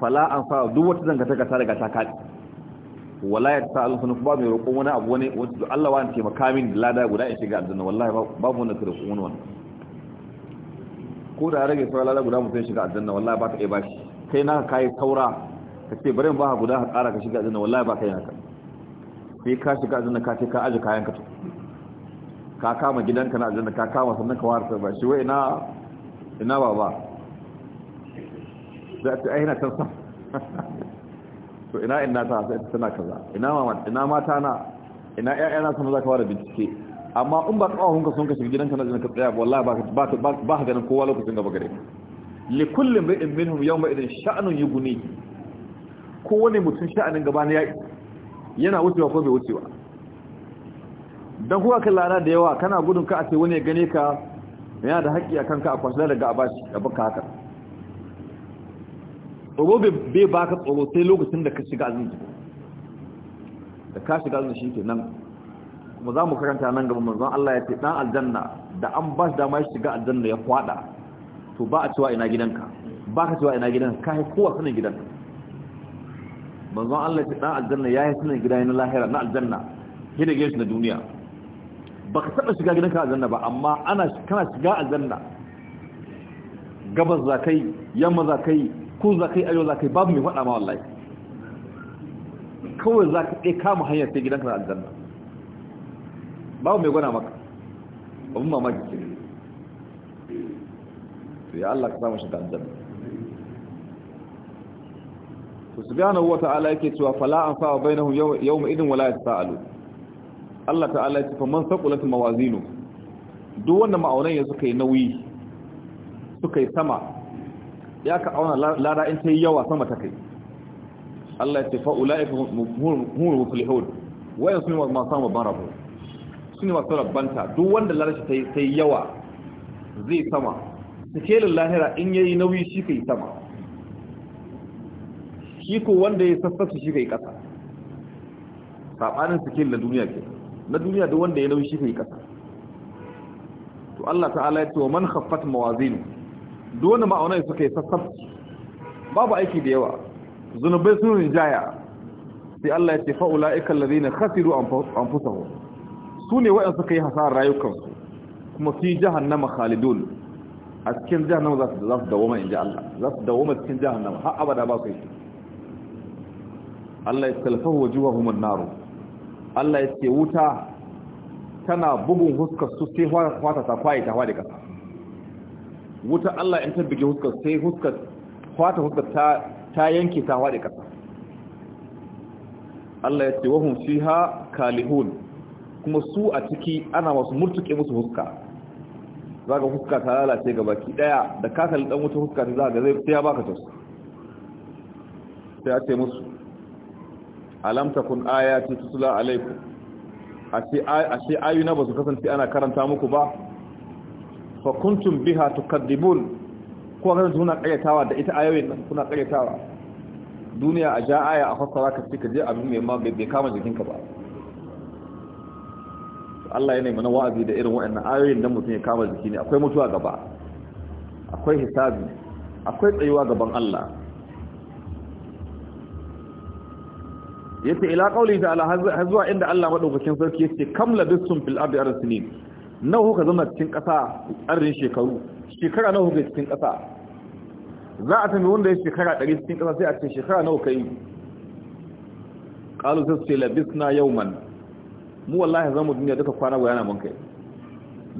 fala an fara duk wata zangantaka ta daga ta kaɗi wala ya ta alfin ba mai roƙon wani abu wani wanda Allah wa ke makamin da lada guda in shiga aljanna wallahi babu wanda ka roƙo wani wani ko da ya rage sauran lada guda mutum shiga aljanna wallahi ba ka iya bashi kai na ka yi taura ka ce bari ba guda ka ƙara ka shiga aljanna wallahi ba ka yi haka sai ka shiga aljanna ka ce ka aje kayan ka to ka kama gidanka na aljanna ka kama sannan ka warsa ba shi wai ina ina baba za ta aina ta sa to ina ina ta sai tana kaza ina mama ina mata na ina na sun za ka fara bincike amma in ba kawo hunka sun ka shiga gidanka na aljanna ka tsaya wallahi ba ka ba ka ganin kowa lokacin gaba gare li kulli mri'in minhum yawma idin sha'nun yughni kowane mutum sha'anin gaba ne yana wucewa ko bai wucewa don kuwa kan lana da yawa kana gudun ka a ce wani ya gane ka yana da haƙƙi a kanka a kwanciya daga abashi a baka haka tsoro bai baka tsoro sai lokacin da ka shiga azin da ka shiga azin shi ke nan kuma za mu karanta nan gaba manzon Allah ya ce dan aljanna da an ba shi dama ya shiga aljanna ya kwada to ba a cewa ina gidanka ba ka cewa ina gidanka ka yi kowa sanin gidanka manzon Allah ya ce dan aljanna ya yi sanin gidan na lahira na aljanna hidage shi na duniya baka taba shiga gidan ka aljanna ba amma ana kana shiga aljanna gabas zakai yamma zakai ku zakai ayo zakai babu mai faɗa ma wallahi kawai zaka ɗaya kama hanyar sai a aljanna babu mai gwana maka babu mamaki ke to ya Allah ka samu shi aljanna to subhanahu wa ta'ala yake cewa fala anfa bainahum yawma idin wala yasalu Allah ta'ala ya ce fa man saqulat mawazinu duk wanda ma'aunan ya suka yi nauyi suka yi sama ya ka auna lada in ta yi yawa sama ta kai Allah ya ce fa ulaika hum muflihun wayan sun ma samu babban rabo sun ma samu banta duk wanda lada shi ta yi yawa zai sama sikelin lahira in yayi nauyi shi kai sama shi ko wanda ya sassa shi kai kasa sabanin sikelin da duniya ke. na duniya da wanda ya laushi kai kasa to Allah ta'ala ya ce wa man khaffat mawazin dole ma ma'aunai suka yi sassafci babu aiki da yawa zunubai sun rinjaya sai Allah ya ce fa ulaika allazina khasiru anfusahum su ne waɗanda suka yi hasarar rayukansu kuma fi jahannama khalidun a cikin jahannama za su za su dawoma inji Allah za su dawoma cikin jahannama har abada ba su yi Allah ya kalfa wujuhahum an-nar Allah ya ce wuta tana bugun huskar su sai hwata ta kwaye ta da kasa wuta Allah ya ta buge huskar sai huskar hwata huskar ta ta yanke ta da kasa Allah ya ce hum fiha kalihun kuma su a ciki ana masu murtuke musu huska zaka huska ta lalace gabaki daya da kasal dan wuta huska ta zaga zai ya baka tausa sai a ce musu alam takun ayati tutla alaikum ashe ashe ayuna ba su kasance ana karanta muku ba fa kuntum biha tukaddibun ko ga kuna kayatawa da ita ayoyin nan kuna kayatawa duniya a ja aya a fassara ka ce ka je abin mai ma bai kama jikinka ba Allah yana mana wa'azi da irin wa'annan ayoyin dan mutum ya kama jiki ne akwai mutuwa gaba akwai hisabi akwai tsayuwa gaban Allah yace ila qauli ta'ala har zuwa inda Allah madaukakin sarki yace kam labistum fil ardi arsinin nawa kuka zama cikin kasa arrin shekaru shekara nawa kuka cikin kasa za a tambayi wanda ya shekara 100 cikin kasa sai a ce shekara nawa kai qalu sai ce labisna yawman mu wallahi zamu duniya duka kwana guda mun kai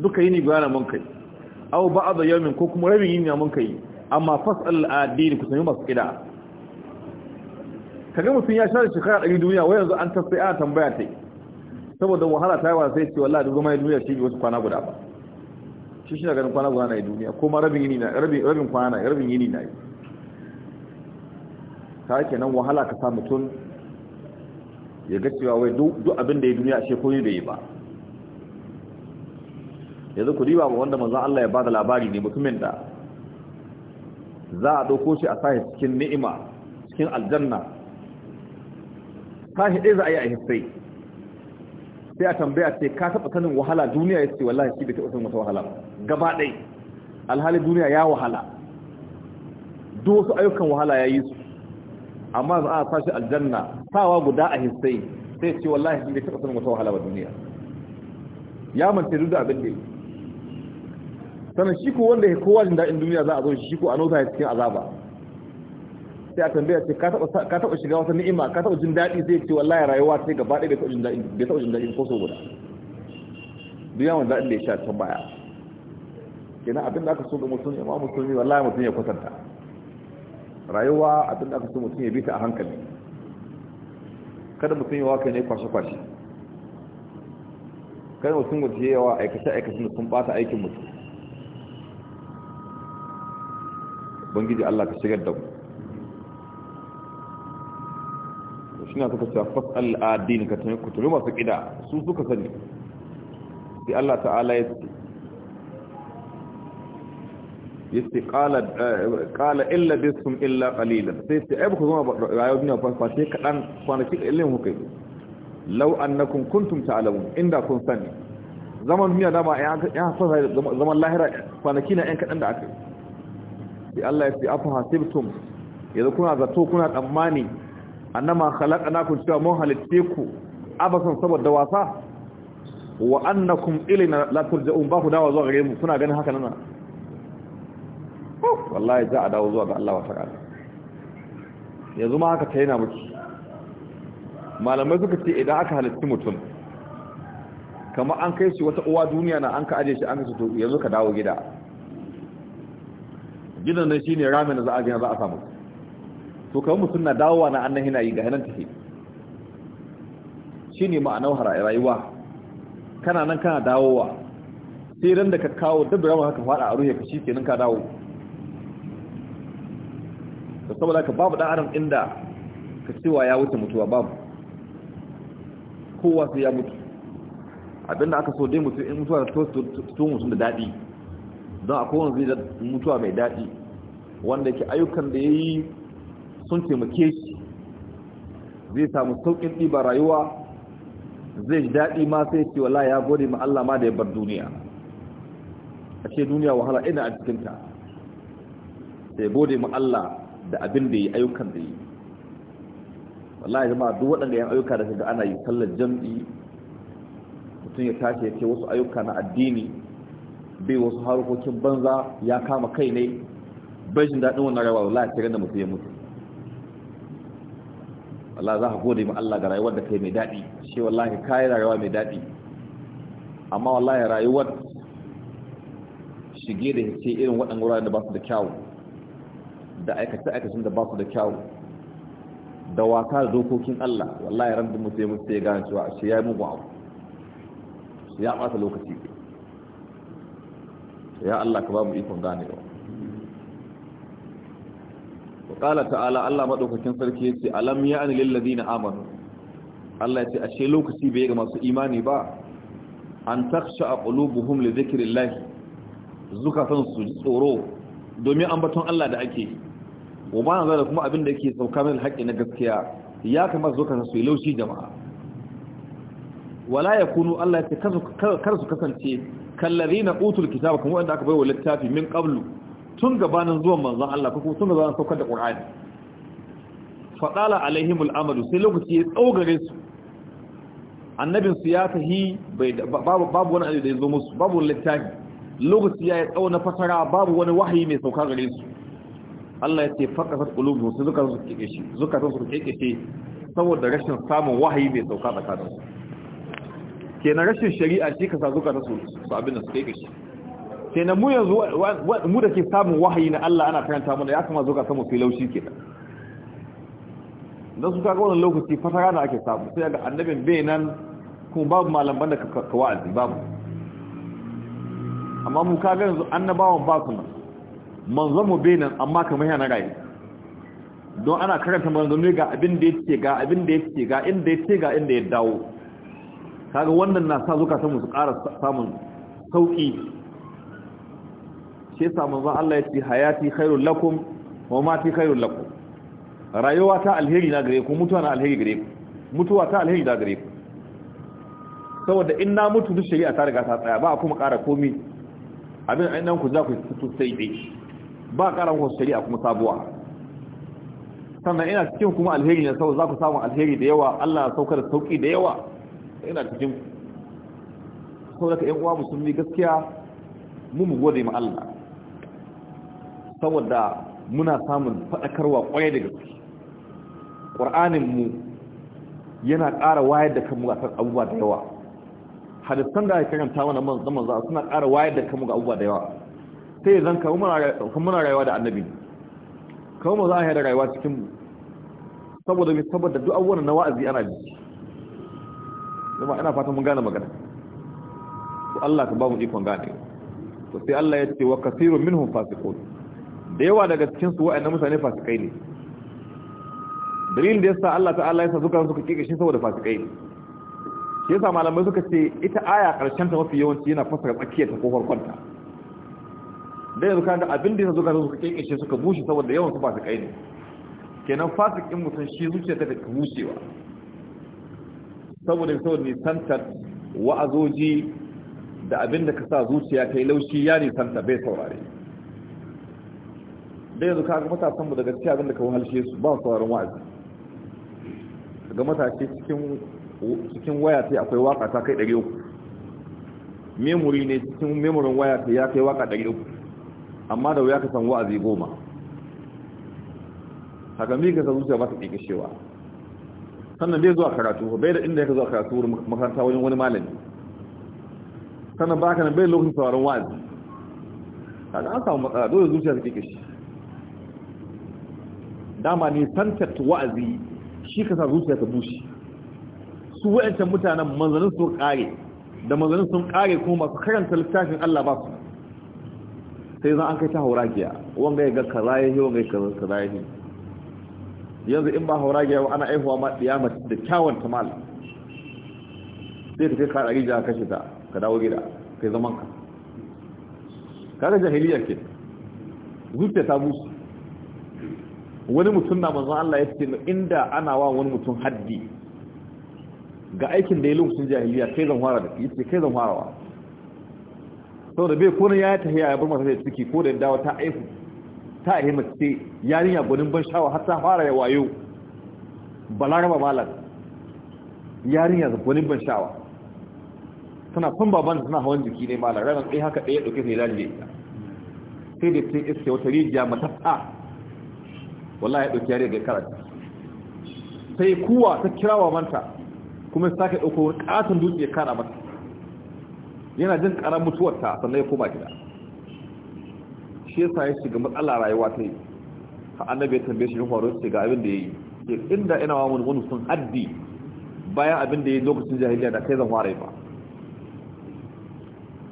duka yini guda mun kai aw ba'd yawmin ko kuma rabin yini mun kai amma fasal adini ku sami masu kida kaga mutum ya share shekara ɗari duniya wai yanzu an tafi ana tambaya ta saboda wahala ta yi wa sai ce wallahi duk ya duniya shi wasu kwana guda ba shi shi na ganin kwana guda na yi duniya ko ma rabin yini na rabin kwana na rabin yini na yi ta yake nan wahala ka sa mutum ya ga cewa wai duk abin da ya duniya ashe koyi bai yi ba yanzu ku riba ba wanda manzon Allah ya bada labari ne mutumin da za a dauko shi a sahi cikin ni'ima cikin aljanna tashi ɗaya za a yi a hissai sai a tambaya ce ka taɓa sanin wahala duniya ya ce wallahi shi bai taɓa sanin wata wahala gaba ɗai alhali duniya ya wahala duk wasu ayyukan wahala ya yi su amma za a sashi aljanna sawa guda a hissai sai ce wallahi shi bai taɓa sanin wata wahala ba duniya ya manta duk da abin da yi sannan shi ko wanda ya kowa jin daɗin duniya za a zo shi ko a nota ya cikin azaba sai a tambaya ce ka taɓa shiga wata ni'ima ka taɓa jin daɗi zai ce wallahi rayuwa sai gaba ɗaya bai taɓa jin daɗi ko so guda duk yawan daɗin da ya sha can baya kenan abin da aka so ga mutum ya ma ya wallahi mutum ya kwatanta rayuwa abin da aka so mutum ya bi ta a hankali kada mutum ya waka ne kwashe kwashe kada mutum ya ya yawa aikace aikace da sun bata aikin mutum ubangiji Allah ka shigar da mu na suka cewa fasal adin ka tuni ku tuni masu ƙida su suka sani sai Allah ta'ala ya ce ya ce ƙala illa bisun illa ƙalilan sai ce ai ku zama rayuwar duniya fashe kaɗan kwanaki da ilin hukai lau annakum kuntum ta'lamun inda kun sani zaman duniya dama ya fasa zaman lahira kwanaki na yan kaɗan da aka yi sai Allah ya ce afa hasibtum yanzu kuna zato kuna tsammani annama khalaqnakum cewa mun halitte ku abasan saboda wasa wa annakum ilayna la turja'un ba ku dawo zuwa gare mu kuna ganin haka nan oh, wallahi za a dawo zuwa ga Allah wa ta'ala yanzu ma haka tayyana miki malamai suka ce idan aka halitti mutum kamar an kai shi wata uwa duniya na an ka aje shi an ka to yanzu ka dawo gida gidan nan shine ramin da za a gina za a samu to kawai mu na dawowa na annan yana yi ga yanar take shi ne ma'anar rayuwa kana nan kana dawowa sai ran da ka kawo dabbarawa haka fada a ruhe ka shi kenan ka dawo da saboda ka babu dan adam inda ka cewa ya wuce mutuwa babu kowa sai ya mutu abinda aka so dai mutu in mutuwa ta to mutum da dadi don akwai wani zai mutuwa mai dadi wanda ke ayyukan da ya yi. sun taimake shi zai samu saukin ɗiba rayuwa zai ji daɗi ma sai ce wala ya gode ma Allah ma da ya bar duniya a ce duniya wahala ina a cikinta sai gode ma Allah da abin da yi ayyukan da yi ya zama duk waɗanda yan ayyuka da shiga ana yi sallar jam'i mutum ya tashi ya ce wasu ayyuka na addini bai wasu harkokin banza ya kama kai ne bai jin daɗin wannan rayuwa ya tare da mutum ya mutu Allah za ka gode ma Allah ga rayuwar da kai mai daɗi shi wallahi kayi rayuwa mai daɗi amma wallahi rayuwar shige da hice irin waɗanda wuraren da ba su da kyawu da aikace-aikacin da ba su da kyawu da waka da dokokin Allah wallahi ran da mutu ya mutu ya gane cewa shi ya yi mugu abu ya ɓata lokaci ya Allah ka ba mu ikon ganewa qala ta'ala Allah madaukakin sarki yace alam ya'ni lil ladina amanu Allah yace ashe lokaci bai ga masu imani ba an taksha qulubuhum li dhikrillah zukatan su tsoro domin ambaton Allah da ake wa ba da kuma abin da yake sauka min haƙi na gaskiya ya kamata zukatan su laushi jama'a wala yakunu Allah yace kar su kasance kallazina utul kitaba kuma wanda aka bai wa littafi min qablu tun gabanin zuwan manzon Allah ko kuma tun gabanin saukar da Qur'ani fadala alaihim al'amalu sai lokaci ya tsogare su annabin su ya tahi babu babu wani da ya zo musu babu littafi lokaci ya tsau na fasara babu wani wahayi mai sauka gare su Allah ya ce faqasat qulubuhum su zuka su kike shi zuka su kike shi saboda rashin samun wahayi mai sauka tsakaninsu kenan rashin shari'a shi ka sa zuka su abin da su kike shi na mu yanzu mu da ke samun wahayi na Allah ana karanta mana ya kama zo ka samu filaushi ke dan su kaga wannan lokaci fasara da ake samu sai ga annabin bai nan kuma babu malaman da ka wa'azi babu amma mu kaga yanzu annabawan ba su nan manzon mu bai nan amma kamar yana rayu don ana karanta ne ga abin da yake ga abin da yake ga inda yake ga inda ya dawo kaga wannan na sa zuka samu su kara samun sauki shi yasa manzo Allah ya hayati khairul lakum wa mati khairul lakum rayuwa ta alheri na gare ku mutuwa na alheri gare ku mutuwa ta alheri da gare ku saboda in na mutu duk shari'a ta riga ta tsaya ba a kuma ƙara komi abin nan ku za ku fito sai dai ba ƙara ku shari'a kuma sabuwa sannan ina cikin kuma alheri ne saboda za ku samu alheri da yawa Allah ya saukar da sauki da yawa ina cikin saboda ka ƴan uwa musulmi gaskiya mu mu gode ma Allah saboda muna samun faɗakarwa daga su, gaske ƙwar'aninmu yana ƙara wayar da kanmu a abubuwa da yawa hadisan da ake karanta mana zaman za suna ƙara wayar da kanmu ga abubuwa da yawa sai zan kawo muna rayuwa da annabi kawo mu za a yi da rayuwa cikin saboda mai saboda duk abubuwan na wa'azi ana ji zama ina fatan mun gane magana to Allah ka ba mu ikon gane to sai Allah ya ce wa kasirun minhum fasiqun da yawa daga cikin su mutane fasikai ne dalilin da ya sa Allah ta'ala ya sa suka suka kike shi saboda fasikai ne shi yasa malamai suka ce ita aya karshen ta mafi yawanci yana fasara tsakiyar ta kofar kwanta da yanzu da abin da ya sa suka suka kike shi suka bushe saboda yawan su fasikai ne kenan fasikin mutum shi zuciya ta ta bushewa saboda saboda nisantar wa'azoji da abin da ka sa zuciya ta yi laushi ya nisanta bai saurare da yanzu kaga matasan mu da gaskiya abin da ka wahalshe su ba su wa'azi wa'azi ga matashi cikin cikin waya sai akwai waka ta kai 300 memory ne cikin memorin waya ta ya kai waka 300 amma da wuya ka san wa'azi goma haka mika sa zuciya ba ta kikishewa sannan bai zuwa karatu bai da inda ya zuwa karatu wurin makaranta wajen wani malami sannan ba ka nan bai lokacin sauran wa'azi kaga an samu matsala dole zuciya ta kikishi dama ne santar wa'azi shi ka sa zuciya ta bushe su wa'ancan mutanen manzanin sun kare da manzanin sun kare kuma masu karanta littafin Allah ba su sai zan an kai ta hauragiya wanga ya ga kaza ya yi wanga ya ka kaza ya yi yanzu in ba hauragiya wa ana aihuwa ma tsiyama da kyawun tamal sai ka kai ka ɗari jiha kashe ta ka dawo gida kai zaman ka kaga jahiliyar ke zuciya ta bushe. wani mutum na manzan Allah ya ce inda ana wa wani mutum haddi ga aikin da ya lokacin jahiliya kai zan fara da shi yace kai zan farawa da bai ko ya ta ya bar da ciki ko da dawo ta aifu ta ce ya niya gudun ban shawa har ta fara ya wayo balaraba malam niya da gudun ban sha'awa tana son baban suna hawan jiki ne malam ranar ɗaya haka ɗaya ɗauke sai lalle sai da sai iske wata rijiya matasa wallahi ya dauki yare ga karatu sai kuwa ta kirawa manta kuma sai sake dauko wani dutse ya kara mata yana jin karar mutuwar ta sannan ya koma gida shi yasa ya shiga matsala rayuwa ta yi ka annabi ya tambaye shi faru sai ga abin da yayi sai inda ina wa wani sun haddi bayan abin da yayi lokacin jahiliya da kai zan fara yi ba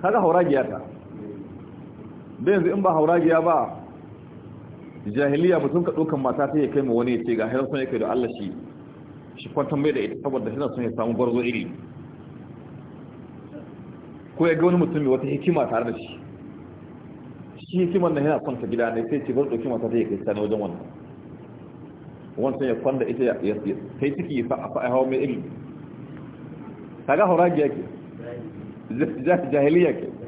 kaga hauragiya ta da yanzu in ba hauragiya ba jahiliya mutum ka ɗaukan mata sai ya kai mu wani ya ce ga hanyar sun kai da Allah shi shi kwantan mai da ita saboda shi sun ya samu gwarzo iri ko ya ga wani mutum wata hikima tare da shi shi hikima na yana son ta gida ne sai ce bar ɗauki mata sai ya kai sani wajen wannan wancan ya kwanda ita ya sai ciki ya fa'a fa'a hawa mai iri kaga hauragiya ke jahiliya ke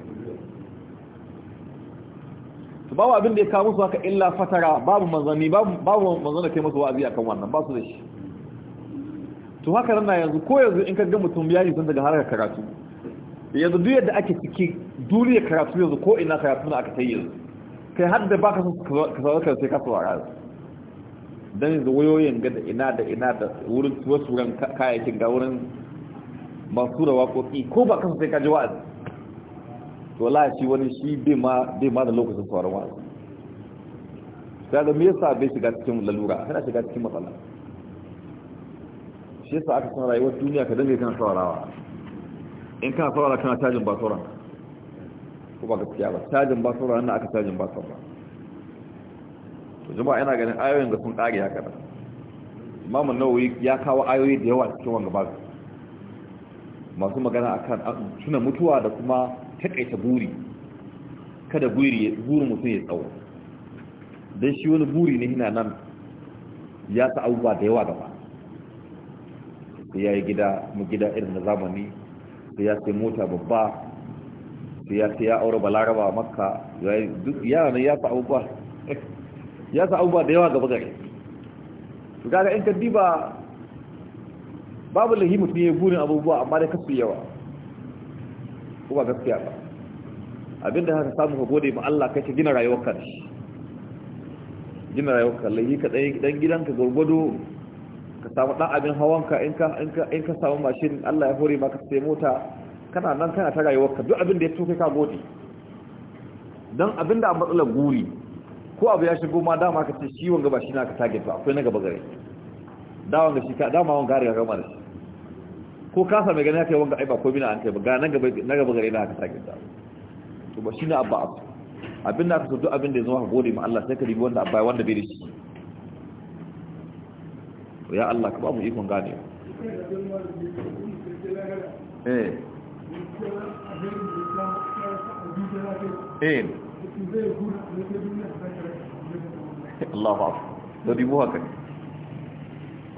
babu abin da ya kawo musu haka illa fatara babu manzanni babu manzanni kai musu wa'azi akan wannan ba su da shi to haka nan na yanzu ko yanzu in ka ga mutum ya yi san daga harkar karatu yanzu duk yadda ake ciki duniya karatu yanzu ko ina karatu na aka ta yanzu kai har da baka son ka ka sai ka saurara dan yanzu wayoyin ga da ina da ina da wurin wasu ran kayakin ga wurin masu da waƙoƙi ko ba kansu sai ka ji wa'azi to la shi wani shi bai ma da lokacin sauran wa'azi da me yasa bai shiga cikin lalura kana shiga cikin matsala shi yasa aka san rayuwar duniya ka dange kana saurawa in kana saurara kana cajin ba sauran ko ba gaskiya ba cajin ba sauran nan aka tajin ba sauran to jama'a ina ganin ayoyin da sun kare haka da. Imam Nawawi ya kawo ayoyi da yawa cikin wannan ba masu magana akan suna mutuwa da kuma taƙaita buri kada buri mutum ya tsawo don shi wani buri ne hina nan ya ta abubuwa da yawa gaba sai ya yi gida mu gida irin na zamani sai ya sai mota babba sai ya sai ya aure balaraba makka yi ya ta abubuwa ya ta abubuwa da yawa gaba gare su gaga in ka ba babu lahi mutum ya yi burin abubuwa amma da kasu yawa ko ba gaskiya ba abinda haka samu ka gode ma Allah kai ka gina rayuwarka ka shi gina rayuwarka lahi ka dai dan gidanka gurgudu ka samu dan abin hawanka in ka in ka in ka samu mashin Allah ya hore maka sai mota kana nan kana ta rayuwarka duk abin da ya toke ka gode dan abinda a matsalar guri ko abu ya shigo ma dama ka ce shi wanga ba shi na ka target ba akwai na gaba gare dawon ga shi ka dama wanga ga gama da shi ko kasa mai gani aka yi wanga aiba ko bina an kai ba ga na gaba gare na aka sake ta to ba shi na abba abu abin da aka so duk abin da ya zama ka gode ma Allah sai ka ribi wanda abba wanda bai da shi ya Allah ka ba mu ikon gane eh, eh. Allah ba ku dibi haka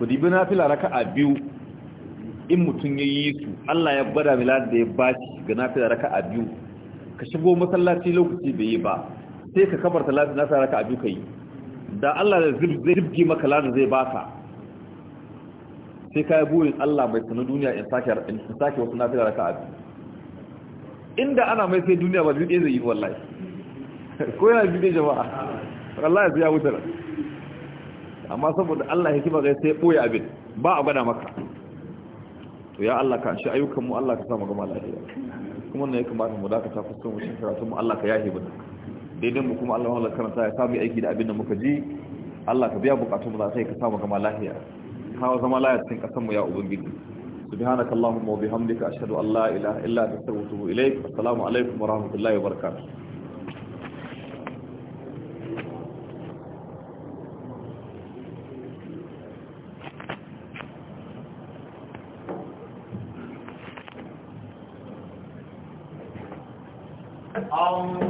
ku dibi na fila raka a biyu in mutum ya yi su Allah ya bada milad da ya shi ga da raka a biyu ka shigo masallaci lokaci bai yi ba sai ka kabar talatin nasa raka a biyu ka yi da Allah da zai ribge maka lada zai baka sai ka yi buwin Allah mai sanu duniya in sake wasu da raka a biyu inda ana mai sai duniya ba biyu ɗaya zai yi wallahi ko yana biyu ɗaya jama'a wallahi ya ya wutar amma saboda Allah hikima ga sai ɓoye abin ba a gwada maka to ya Allah ka shi ayyukan mu Allah ka sa mu gama lafiya kuma ne ya kamata mu dakata fuskar mu cikin karatu mu Allah ka yahi mu daidai mu kuma Allah wallahi karanta ya samu aiki da abin da muka ji Allah ka biya bukatun mu sai ka sa mu gama lafiya kawo zama lafiya cikin kasan mu ya ubangiji subhanaka allahumma wa bihamdika ashhadu an la ilaha illa anta astaghfiruka wa atubu ilaik assalamu alaikum wa rahmatullahi wa barakatuh from